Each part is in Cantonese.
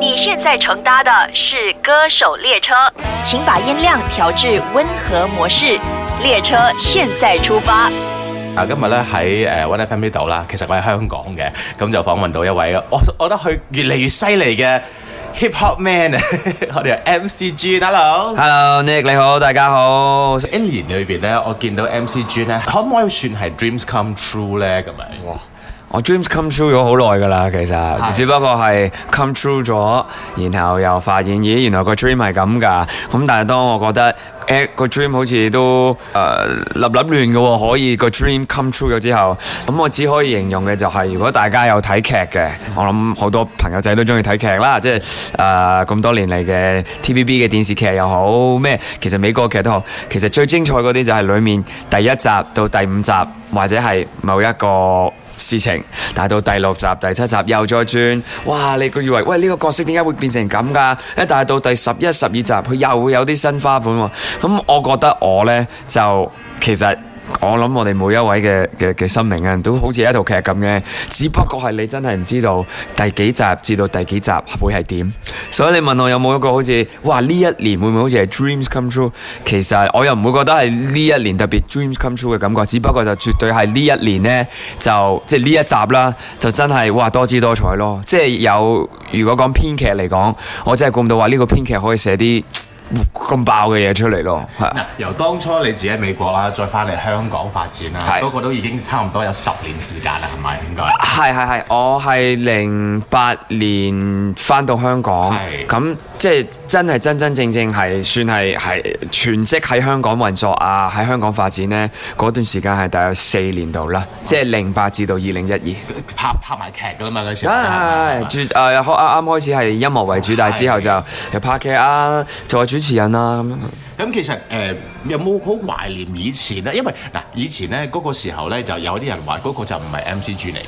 你現在乘搭的是歌手列車，請把音量調至溫和模式，列車現在出發。啊，今日咧喺誒 One FM 度啦，其實我喺香港嘅，咁就訪問到一位我我覺得佢越嚟越犀利嘅 Hip Hop Man，我哋係 MC G，Hello，Hello Nick，你好，大家好。一年裡邊呢，我見到 MC G 呢，可唔可以算係 Dreams Come True 咧？咁樣。我 dreams come true 咗好耐㗎喇，其實，是的只不過係 come true 咗，然後又發現，咦，原來個 dream 係咁㗎。咁但係當我覺得，誒、欸，個 dream 好似都誒立立亂嘅喎，可以個 dream come true 咗之後，咁我只可以形容嘅就係、是，如果大家有睇劇嘅，我諗好多朋友仔都中意睇劇啦，即係咁、呃、多年嚟嘅 TVB 嘅電視劇又好，咩，其實美國劇都好，其實最精彩嗰啲就係裡面第一集到第五集。或者係某一個事情，但到第六集、第七集又再轉，哇！你佢以為喂呢、這個角色點解會變成咁㗎？但係到第十一、十二集佢又會有啲新花款，咁我覺得我呢，就其實。我諗我哋每一位嘅嘅嘅生命啊，都好似一套劇咁嘅，只不過係你真係唔知道第幾集，至到第幾集會係點。所以你問我有冇一個好似，哇呢一年會唔會好似係 dreams come true？其實我又唔會覺得係呢一年特別 dreams come true 嘅感覺，只不過就絕對係呢一年呢，就即係呢一集啦，就真係哇多姿多彩咯。即係有如果講編劇嚟講，我真係估唔到話呢個編劇可以寫啲。咁爆嘅嘢出嚟咯，由當初你自己喺美國啦，再翻嚟香港發展啦，嗰是個都已經差唔多有十年時間啦，係咪？應該係係係，我係零八年翻到香港，咁是即係真係真真正正係算係係全職喺香港運作啊，喺香港發展呢，嗰段時間係大約四年度啦，好即係零八至到二零一二拍拍埋劇噶啦嘛，嗰時啊，誒，啱啱開始係音樂為主，但係是之後就又拍劇啊，做主。主持人啦咁樣，咁其實誒、呃、有冇好懷念以前咧？因為嗱，以前咧嗰個時候咧、那個，就有啲人話嗰個就唔係 M C G 嚟嘅。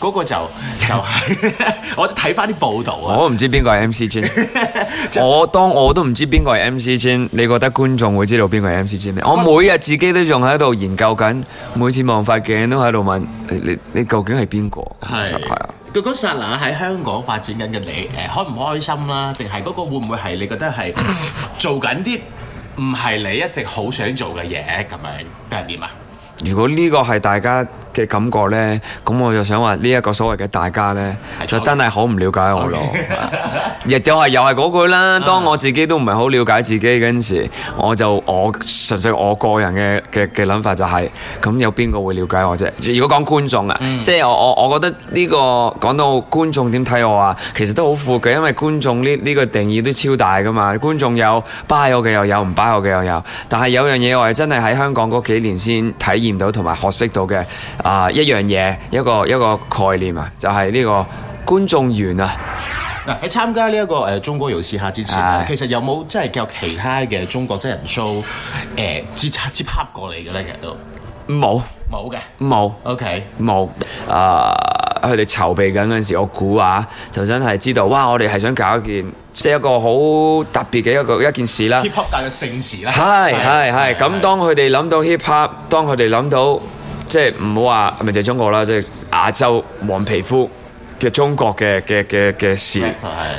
嗰個就就係我睇翻啲報道啊，我唔知邊個係 M C G， 就我當我都唔知邊個係 M C G，你覺得觀眾會知道邊個係 M C G 咩？因為 我每日自己都仲喺度研究緊，每次望塊鏡都喺度問你你究竟係邊個？係是啊。嗰嗰剎那喺香港發展緊嘅你，誒開唔開心啦、啊？定係嗰個會唔會係你覺得係做緊啲唔係你一直好想做嘅嘢咁樣？定係點啊？如果呢個係大家，嘅感覺呢，咁我就想話呢一個所謂嘅大家呢，就真係好唔了解我咯。亦 Okay. 又係又係嗰句啦。當我自己都唔係好了解自己嗰陣時，我就我純粹我個人嘅嘅嘅諗法就係、是，咁有邊個會了解我啫？如果講觀眾啊，嗯、即係我我我覺得呢、這個講到觀眾點睇我啊，其實都好闊嘅，因為觀眾呢呢、這個定義都超大噶嘛。觀眾有 buy 我嘅又有唔 buy 我嘅又有，但係有樣嘢我係真係喺香港嗰幾年先體驗到同埋學識到嘅。啊，一樣嘢一個一個概念啊，就係呢個觀眾緣啊。嗱，喺參加呢一個誒中國遊視下之前，其實有冇真係叫其他嘅中國真人 show 誒接下接 pop 過嚟嘅咧？其實都冇冇嘅冇 OK 冇啊！佢哋籌備緊嗰陣時，我估啊，就真係知道哇！我哋係想搞一件即係一個好特別嘅一個一件事啦。hip hop 大嘅盛事啦，係係係。咁當佢哋諗到 hip hop，當佢哋諗到。即係唔好話咪就係中國啦，即係亞洲黃皮膚嘅中國嘅嘅嘅嘅事，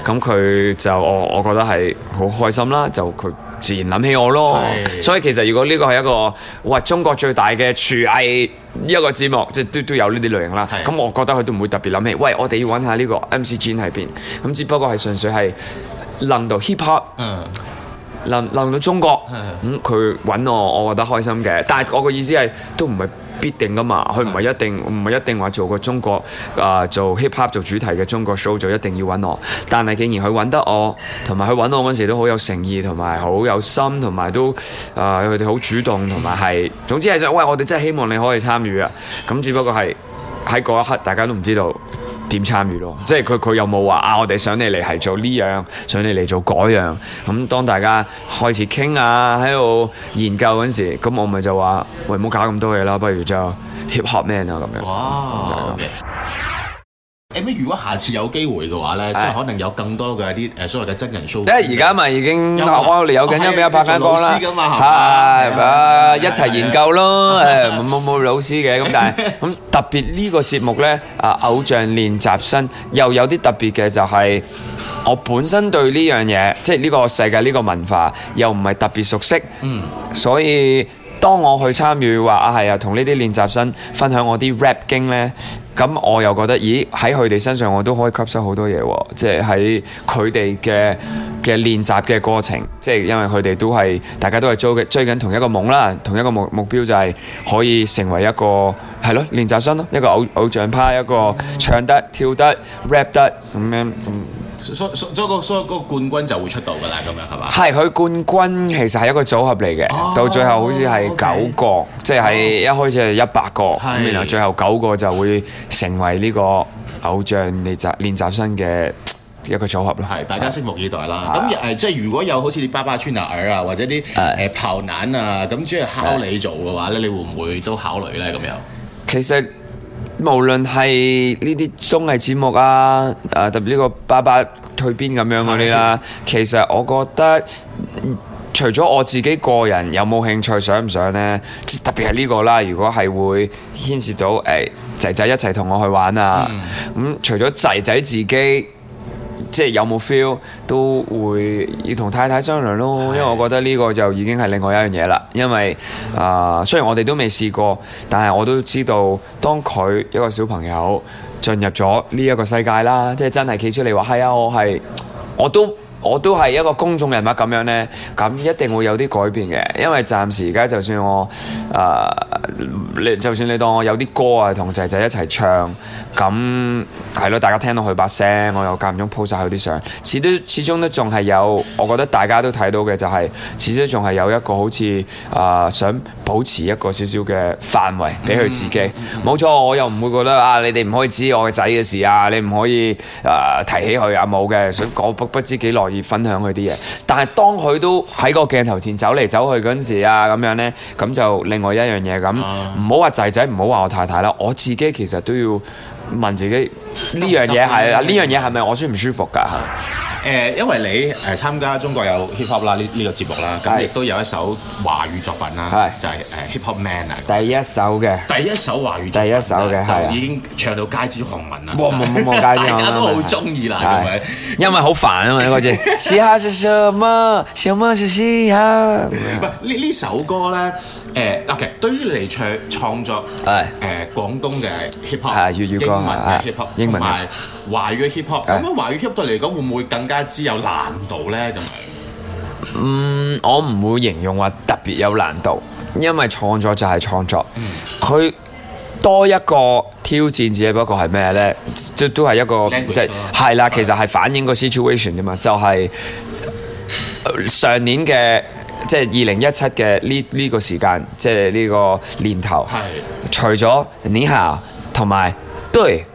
咁佢就我我覺得係好開心啦，就佢自然諗起我咯。是所以其實如果呢個係一個喂中國最大嘅廚藝一個節目，即係都都有呢啲類型啦。咁是我覺得佢都唔會特別諗起，喂，我哋要揾下呢個 MC Jin 喺邊。咁只不過係純粹係諗到 hip hop，諗、嗯、到中國咁佢揾我，我覺得開心嘅。但係我個意思係都唔係。必定噶嘛，佢唔係一定唔係一定話做過中國啊、呃，做 hip hop 做主題嘅中國 show 就一定要揾我。但係既然佢揾得我，同埋佢揾我嗰陣時都好有誠意，同埋好有心，同埋都啊佢哋好主動，同埋係總之係、就、想、是、喂我哋真係希望你可以參與啊。咁只不過係喺嗰一刻大家都唔知道。點參與咯？即係佢佢有冇話啊？我哋想你嚟係做呢樣，想你嚟做嗰樣。咁當大家開始傾啊，喺度研究嗰陣時，咁我咪就話：喂，唔好搞咁多嘢啦，不如就 Hip-hop Man 啊咁樣。哇誒咩？如果下次有機會嘅話咧，即係可能有更多嘅一啲誒所謂嘅真人 show。誒而家咪已經我我哋有緊一班拍緊光啦。係啊，一齊研究咯。誒冇冇冇老師嘅咁，但係咁特別呢個節目咧啊！偶像練習生又有啲特別嘅，就係我本身對呢樣嘢，即係呢個世界呢個文化又唔係特別熟悉。嗯。所以當我去參與話啊係啊，同呢啲練習生分享我啲 rap 經咧。咁我又覺得，咦？喺佢哋身上，我都可以吸收好多嘢，哦。即係喺佢哋嘅嘅練習嘅過程，即係因為佢哋都係大家都係追嘅追緊同一個夢啦，同一個目目標就係可以成為一個係咯練習生咯，一個偶偶像派，一個唱得、跳得、rap 得咁樣。所所，即係個所個冠軍就會出道㗎啦，咁樣係嘛？係，佢冠軍其實係一個組合嚟嘅，oh, 到最後好似係九個，oh, okay. 即係喺一開始係一百個，咁、oh. 然後最後九個就會成為呢個偶像練習練習生嘅一個組合咯。係， 大家拭目以待啦。咁誒、uh，即係如果有好似啲爸爸川納爾啊，或者啲誒炮彈啊，咁主要係敲你做嘅話咧，uh. 你會唔會都考慮咧？咁樣其實。無論係呢啲綜藝節目啊，誒，特別呢個爸爸去邊咁樣嗰啲啦， 其實我覺得除咗我自己個人有冇興趣，想唔想呢？特別係呢個啦，如果係會牽涉到誒仔仔一齊同我去玩啊，咁 除咗仔仔自己。即係有冇 feel 都會要同太太商量咯，是的 因為我覺得呢個就已經係另外一樣嘢啦。因為啊、呃，雖然我哋都未試過，但係我都知道，當佢一個小朋友進入咗呢一個世界啦，即係真係企出嚟話係啊，我係我都。我都係一個公眾人物咁樣咧，咁一定會有啲改變嘅。因為暫時而家，就算我誒你、呃、就算你當我有啲歌啊，同仔仔一齊唱，咁係咯，大家聽到佢把聲，我又間唔中鋪晒佢啲相，始終始終都仲係有。我覺得大家都睇到嘅就係、是、始終仲係有一個好似啊、呃、想保持一個少少嘅範圍俾佢自己冇錯、mm hmm. 我又唔會覺得啊，你哋唔可以知我嘅仔嘅事啊，你唔可以誒提起佢啊，冇嘅。想講不不知幾耐。分享佢啲嘢，但係當佢都喺個鏡頭前走嚟走去嗰陣時啊，咁樣咧，咁就另外一樣嘢咁，唔好話仔仔，唔好話我太太啦，我自己其實都要。問自己呢樣嘢係啊？呢樣嘢係咪我舒唔舒服㗎？嚇誒，因為你誒參加中國有 hip hop 啦呢呢個節目啦，咁亦都有一首華語作品啦，係就係誒 hip hop man 第一首嘅，第一首華語第一首嘅，就已經唱到街知巷聞啦，大家都好中意啦，係咪？因為好煩啊嘛嗰陣，嘻哈是什麼？什麼嘻哈？唔係呢呢首歌咧誒，OK，對於你唱創作係誒廣東嘅 hip hop 係粵語歌。文 op, 英文嘅 hip hop，同埋華語嘅 hip hop，咁樣、哎、華語 hip hop 對你嚟講會唔會更加之有難度咧？咁嗯，我唔會形容話特別有難度，因為創作就係創作，佢、嗯、多一個挑戰自己。不過係咩咧？都都係一個即係係啦，其實係反映個 situation 啫嘛。就係上年嘅即係二零一七嘅呢呢個時間，即係呢個年頭。係的除咗 Niha 同埋。對，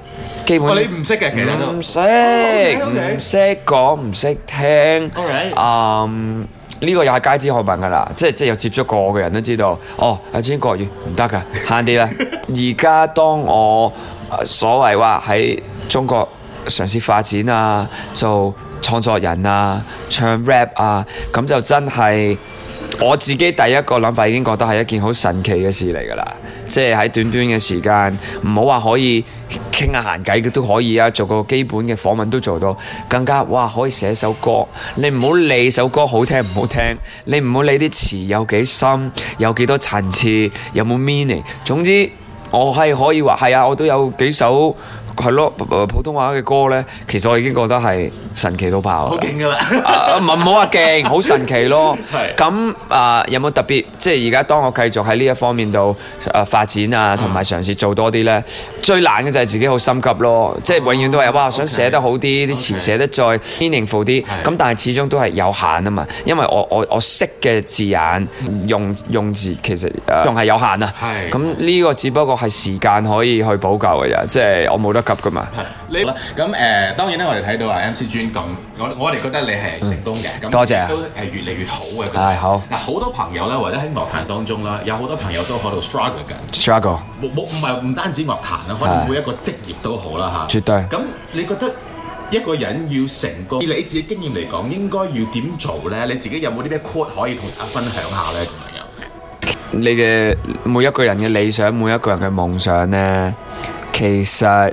基本上、哦、你唔識嘅，其他都唔識，唔識講，唔識、oh, okay , okay. 聽。嗯，呢個又係街知巷聞噶啦，即係即係有接觸過我嘅人都知道。哦，阿張國語唔得噶，慳啲啦。而家 當我所謂話喺中國嘗試發展啊，做創作人啊，唱 rap 啊，咁就真係。我自己第一個諗法已經覺得係一件好神奇嘅事嚟㗎啦，即係喺短短嘅時間，唔好話可以傾下閒偈都可以啊，做個基本嘅訪問都做到，更加哇可以寫首歌。你唔好理首歌好聽唔好聽，你唔好理啲詞有幾深，有幾多層次，有冇 meaning。總之，我係可以話係啊，我都有幾首。係咯，普通話嘅歌咧，其實我已經覺得係神奇到爆。好勁㗎啦！唔唔好話勁，好神奇咯。咁啊、 呃，有冇特別？即係而家當我繼續喺呢一方面度啊、呃、發展啊，同埋嘗試做多啲咧。最難嘅就係自己好心急咯，即係永遠都係哇想寫得好啲，啲詞寫得再 meaningful 啲。咁 Okay. 但係始終都係有限啊嘛，因為我我我，我識嘅字眼用用字其實誒仲係有限啊。咁呢 個只不過係時間可以去補救嘅啫，即係我冇得。急噶嘛？係你咁誒，當然咧，我哋睇到啊，M C Jun 咁，我我哋覺得你係成功嘅，咁多謝都係越嚟越好嘅。係好嗱，好多朋友咧，或者喺樂壇當中啦，有好多朋友都喺度 struggle 緊。struggle 冇冇唔係唔單止樂壇啦，可能每一個職業都好啦吓。絕對咁，你覺得一個人要成功，以你自己經驗嚟講，應該要點做咧？你自己有冇啲咩 quote 可以同大家分享下咧？咁樣，你嘅每一個人嘅理想，每一個人嘅夢想咧？其實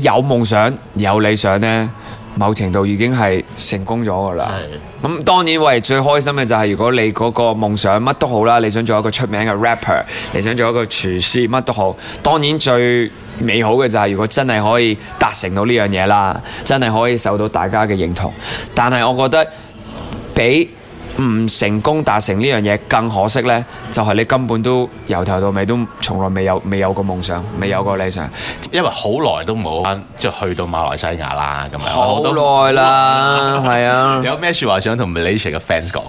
有夢想、有理想呢，某程度已經係成功咗噶啦。咁的當然我哋最開心嘅就係，如果你嗰個夢想乜都好啦，你想做一個出名嘅 rapper，你想做一個廚師乜都好，當然最美好嘅就係，如果真係可以達成到呢樣嘢啦，真係可以受到大家嘅認同。但係我覺得俾。唔成功達成呢樣嘢，更可惜呢，就係你根本都由頭到尾都從來未有未有過夢想，未有過理想，因為好耐都冇即係去到馬來西亞啦，咁樣好耐啦，係啊， 有咩說話想同馬來西亞嘅 fans 講？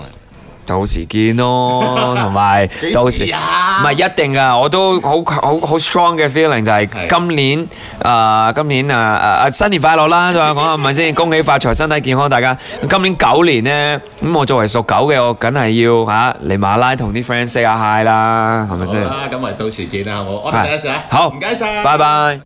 到時見咯，同埋到時，唔係一定噶。我都好好好 strong 嘅 feeling 就係今年，誒，今年啊，誒，新年快樂啦！再講係咪先？恭喜發財，身體健康，大家。咁今年狗年咧，咁我作為屬狗嘅，我梗係要吓嚟馬拉同啲 friend say 下 hi 啦，係咪先？咁咪到時見啦，好唔該晒，好唔該晒，拜拜。